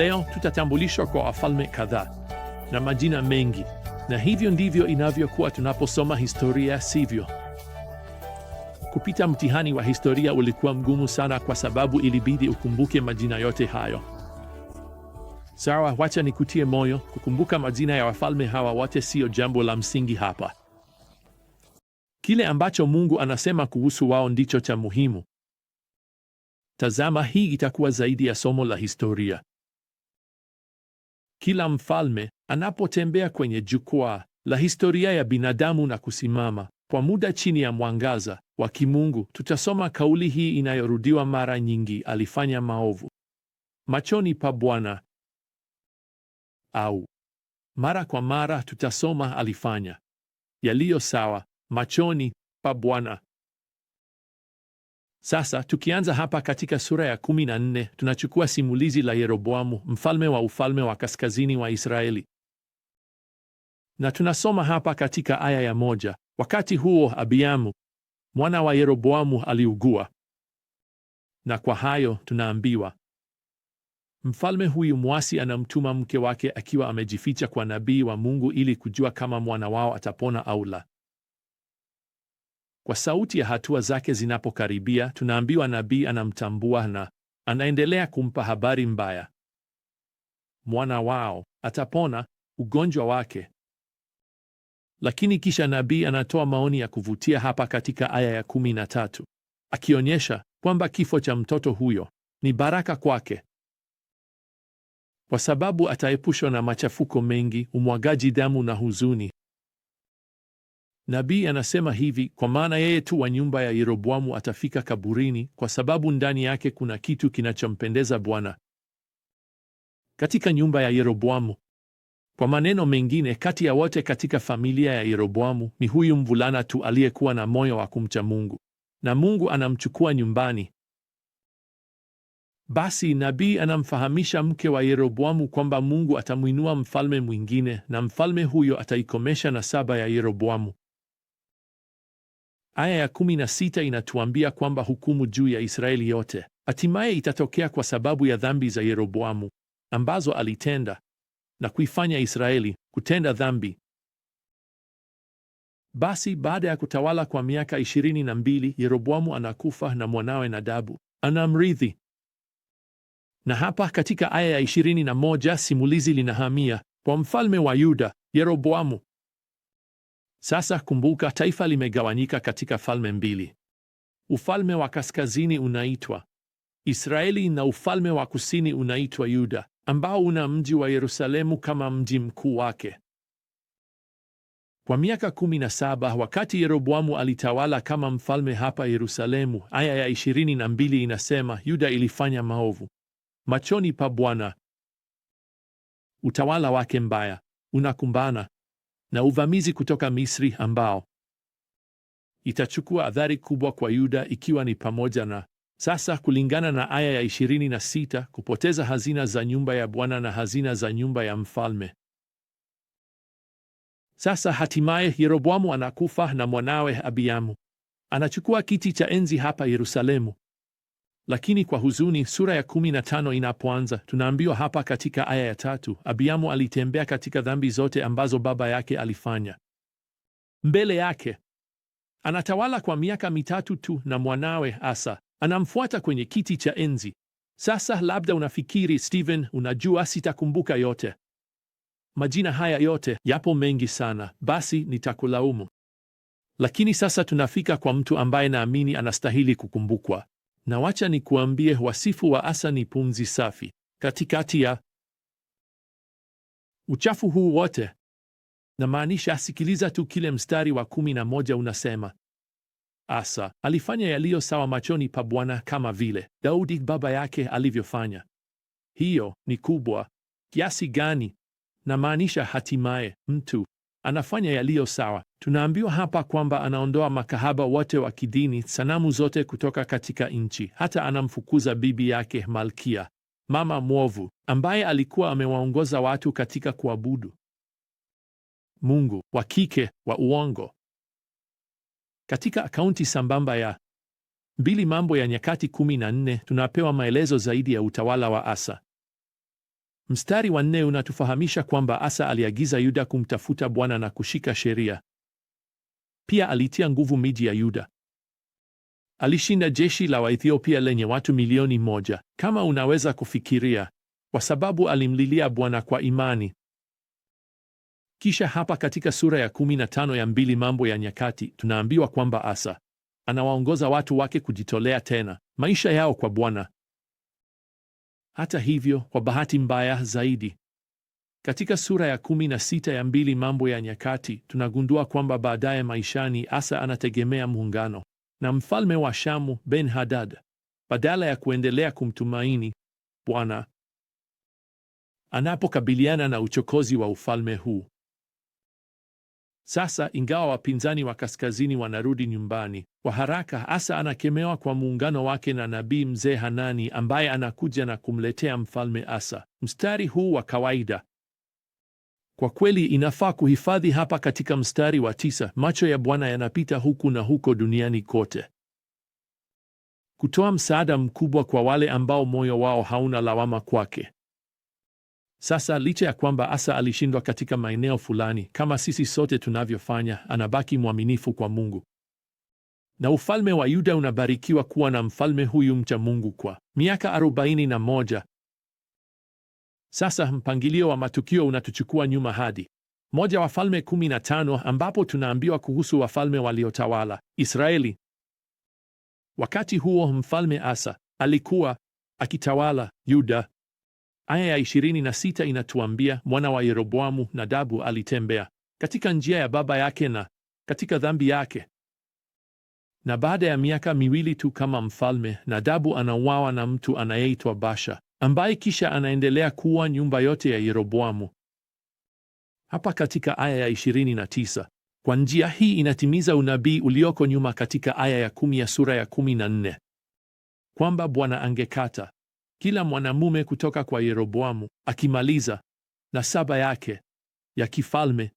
Leo tutatambulishwa kwa wafalme kadhaa na majina mengi, na hivyo ndivyo inavyokuwa tunaposoma historia, sivyo? Kupita mtihani wa historia ulikuwa mgumu sana, kwa sababu ilibidi ukumbuke majina yote hayo. Sawa, wacha nikutie moyo. Kukumbuka majina ya wafalme hawa wote siyo jambo la msingi hapa. Kile ambacho Mungu anasema kuhusu wao ndicho cha muhimu. Tazama, hii itakuwa zaidi ya somo la historia. Kila mfalme anapotembea kwenye jukwaa la historia ya binadamu na kusimama kwa muda chini ya mwangaza wa kimungu, tutasoma kauli hii inayorudiwa mara nyingi: alifanya maovu machoni pa Bwana. Au mara kwa mara tutasoma alifanya yaliyo sawa machoni pa Bwana. Sasa tukianza hapa katika sura ya 14 tunachukua simulizi la Yeroboamu mfalme wa ufalme wa kaskazini wa Israeli, na tunasoma hapa katika aya ya moja: wakati huo Abiamu mwana wa Yeroboamu aliugua, na kwa hayo tunaambiwa mfalme huyu mwasi anamtuma mke wake akiwa amejificha kwa nabii wa Mungu ili kujua kama mwana wao atapona au la. Kwa sauti ya hatua zake zinapokaribia, tunaambiwa nabii anamtambua na anaendelea kumpa habari mbaya. Mwana wao atapona ugonjwa wake. Lakini kisha nabii anatoa maoni ya kuvutia hapa katika aya ya kumi na tatu akionyesha kwamba kifo cha mtoto huyo ni baraka kwake, kwa sababu ataepushwa na machafuko mengi, umwagaji damu na huzuni. Nabii anasema hivi, kwa maana yeye tu wa nyumba ya Yeroboamu atafika kaburini, kwa sababu ndani yake kuna kitu kinachompendeza Bwana katika nyumba ya Yeroboamu. Kwa maneno mengine, kati ya wote katika familia ya Yeroboamu ni huyu mvulana tu aliyekuwa na moyo wa kumcha Mungu, na Mungu anamchukua nyumbani. Basi nabii anamfahamisha mke wa Yeroboamu kwamba Mungu atamwinua mfalme mwingine, na mfalme huyo ataikomesha nasaba ya Yeroboamu. Aya ya kumi na sita inatuambia kwamba hukumu juu ya Israeli yote hatimaye itatokea kwa sababu ya dhambi za Yeroboamu ambazo alitenda na kuifanya Israeli kutenda dhambi. Basi baada ya kutawala kwa miaka ishirini na mbili Yeroboamu anakufa na mwanawe Nadabu anamrithi. Na hapa katika aya ya ishirini na moja simulizi linahamia kwa mfalme wa Yuda Yeroboamu. Sasa kumbuka, taifa limegawanyika katika falme mbili. Ufalme wa kaskazini unaitwa Israeli na ufalme wa kusini unaitwa Yuda, ambao una mji wa Yerusalemu kama mji mkuu wake. Kwa miaka 17 wakati Yeroboamu alitawala kama mfalme hapa Yerusalemu, aya ya 22 inasema Yuda ilifanya maovu machoni pa Bwana. Utawala wake mbaya unakumbana na uvamizi kutoka Misri ambao itachukua athari kubwa kwa Yuda ikiwa ni pamoja na sasa, kulingana na aya ya 26, kupoteza hazina za nyumba ya Bwana na hazina za nyumba ya mfalme. Sasa hatimaye Yeroboamu anakufa na mwanawe Abiamu anachukua kiti cha enzi hapa Yerusalemu. Lakini kwa huzuni, sura ya kumi na tano inapoanza, tunaambiwa hapa katika aya ya tatu, Abiamu alitembea katika dhambi zote ambazo baba yake alifanya mbele yake. Anatawala kwa miaka mitatu tu na mwanawe Asa anamfuata kwenye kiti cha enzi. Sasa labda unafikiri Steven, unajua sitakumbuka yote majina haya yote, yapo mengi sana, basi nitakulaumu. Lakini sasa tunafika kwa mtu ambaye naamini anastahili kukumbukwa na wacha nikuambie, wasifu wa Asa ni pumzi safi katikati ya uchafu huu wote. Namaanisha, sikiliza tu kile mstari wa kumi na moja unasema: Asa alifanya yaliyo sawa machoni pa Bwana kama vile Daudi baba yake alivyofanya. Hiyo ni kubwa kiasi gani? Namaanisha, hatimaye mtu anafanya yaliyo sawa. Tunaambiwa hapa kwamba anaondoa makahaba wote wa kidini, sanamu zote kutoka katika nchi. Hata anamfukuza bibi yake Malkia, mama mwovu, ambaye alikuwa amewaongoza watu katika kuabudu mungu wa kike wa uongo. Katika akaunti sambamba ya mbili Mambo ya Nyakati 14 tunapewa maelezo zaidi ya utawala wa Asa. Mstari wa nne unatufahamisha kwamba Asa aliagiza Yuda kumtafuta Bwana na kushika sheria. Pia alitia nguvu miji ya Yuda. Alishinda jeshi la Waethiopia lenye watu milioni moja, kama unaweza kufikiria, kwa sababu alimlilia Bwana kwa imani. Kisha hapa katika sura ya 15 ya mbili Mambo ya Nyakati tunaambiwa kwamba Asa anawaongoza watu wake kujitolea tena maisha yao kwa Bwana. Hata hivyo, kwa bahati mbaya zaidi, katika sura ya kumi na sita ya mbili Mambo ya Nyakati tunagundua kwamba baadaye maishani Asa anategemea muungano na mfalme wa Shamu Ben Hadad badala ya kuendelea kumtumaini Bwana anapokabiliana na uchokozi wa ufalme huu. Sasa ingawa wapinzani wa kaskazini wanarudi nyumbani kwa haraka, Asa anakemewa kwa muungano wake na nabii mzee Hanani ambaye anakuja na kumletea mfalme Asa mstari huu wa kawaida. Kwa kweli inafaa kuhifadhi hapa katika mstari wa tisa, macho ya Bwana yanapita huku na huko duniani kote kutoa msaada mkubwa kwa wale ambao moyo wao hauna lawama kwake. Sasa licha ya kwamba Asa alishindwa katika maeneo fulani, kama sisi sote tunavyofanya, anabaki mwaminifu kwa Mungu. Na ufalme wa Yuda unabarikiwa kuwa na mfalme huyu mcha Mungu kwa miaka arobaini na moja. Sasa mpangilio wa matukio unatuchukua nyuma hadi moja Wafalme 15 ambapo tunaambiwa kuhusu wafalme waliotawala Israeli. Wakati huo mfalme Asa alikuwa akitawala Yuda Aya ya ishirini na sita inatuambia mwana wa Yeroboamu, Nadabu alitembea katika njia ya baba yake na katika dhambi yake, na baada ya miaka miwili tu kama mfalme, Nadabu anauawa na mtu anayeitwa Basha, ambaye kisha anaendelea kuwa nyumba yote ya Yeroboamu. Hapa katika aya ya 29 kwa njia hii inatimiza unabii ulioko nyuma katika aya ya kumi ya sura ya 14 kwamba Bwana angekata kila mwanamume kutoka kwa Yeroboamu, akimaliza saba yake ya kifalme.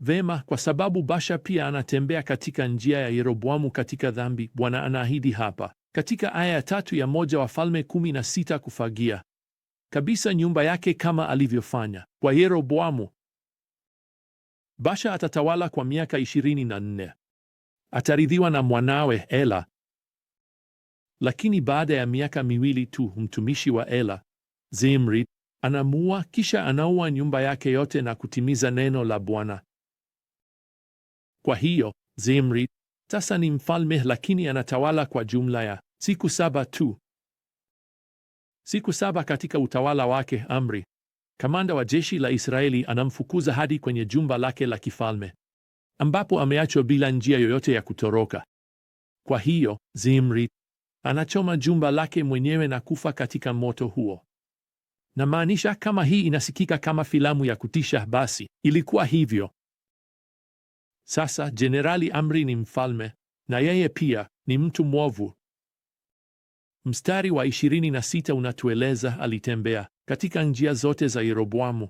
Vema, kwa sababu Basha pia anatembea katika njia ya Yeroboamu katika dhambi, Bwana anaahidi hapa katika aya ya tatu ya moja Wafalme 16 kufagia kabisa nyumba yake kama alivyofanya kwa Yeroboamu. Basha atatawala kwa miaka 24. Ataridhiwa na mwanawe Ela lakini baada ya miaka miwili tu mtumishi wa Ela Zimri anamua, kisha anaua nyumba yake yote na kutimiza neno la Bwana. Kwa hiyo Zimri sasa ni mfalme, lakini anatawala kwa jumla ya siku saba tu. Siku saba katika utawala wake, Amri, kamanda wa jeshi la Israeli, anamfukuza hadi kwenye jumba lake la kifalme ambapo ameachwa bila njia yoyote ya kutoroka. Kwa hiyo Zimri anachoma jumba lake mwenyewe na kufa katika moto huo. Namaanisha, kama hii inasikika kama filamu ya kutisha, basi ilikuwa hivyo. Sasa Jenerali Amri ni mfalme na yeye pia ni mtu mwovu. Mstari wa 26 unatueleza alitembea katika njia zote za Yeroboamu.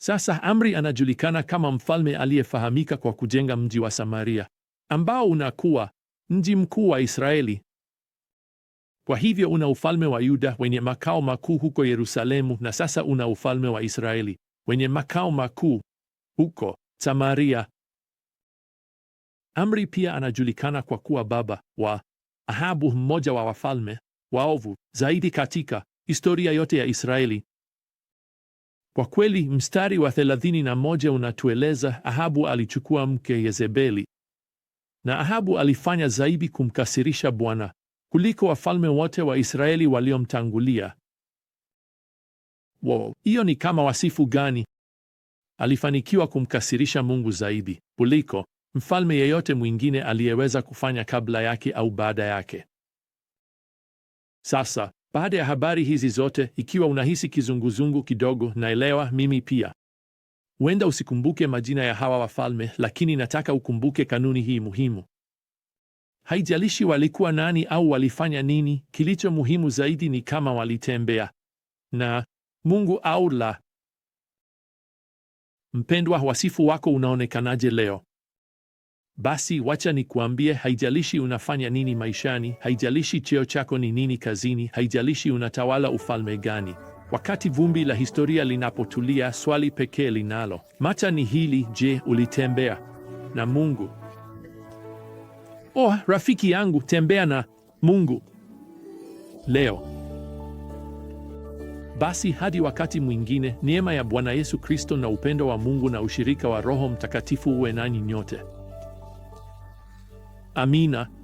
Sasa Amri anajulikana kama mfalme aliyefahamika kwa kujenga mji wa Samaria ambao unakuwa mji mkuu wa Israeli. Kwa hivyo una ufalme wa Yuda wenye makao makuu huko Yerusalemu, na sasa una ufalme wa Israeli wenye makao makuu huko Samaria. Amri pia anajulikana kwa kuwa baba wa Ahabu, mmoja wa wafalme waovu zaidi katika historia yote ya Israeli. Kwa kweli, mstari wa 31 unatueleza Ahabu alichukua mke Yezebeli na Ahabu alifanya zaidi kumkasirisha Bwana kuliko wafalme wote wa Israeli waliomtangulia. Wow, hiyo ni kama wasifu gani? Alifanikiwa kumkasirisha Mungu zaidi kuliko mfalme yeyote mwingine aliyeweza kufanya kabla yake au baada yake. Sasa baada ya habari hizi zote, ikiwa unahisi kizunguzungu kidogo, naelewa mimi pia. Huenda usikumbuke majina ya hawa wafalme, lakini nataka ukumbuke kanuni hii muhimu. Haijalishi walikuwa nani au walifanya nini, kilicho muhimu zaidi ni kama walitembea na Mungu au la. Mpendwa, wasifu wako unaonekanaje leo? Basi wacha nikuambie, haijalishi unafanya nini maishani, haijalishi cheo chako ni nini kazini, haijalishi unatawala ufalme gani. Wakati vumbi la historia linapotulia, swali pekee linalo macha ni hili: je, ulitembea na Mungu? Oh, rafiki yangu, tembea na Mungu leo. Basi hadi wakati mwingine, neema ya Bwana Yesu Kristo na upendo wa Mungu na ushirika wa Roho Mtakatifu uwe nanyi nyote. Amina.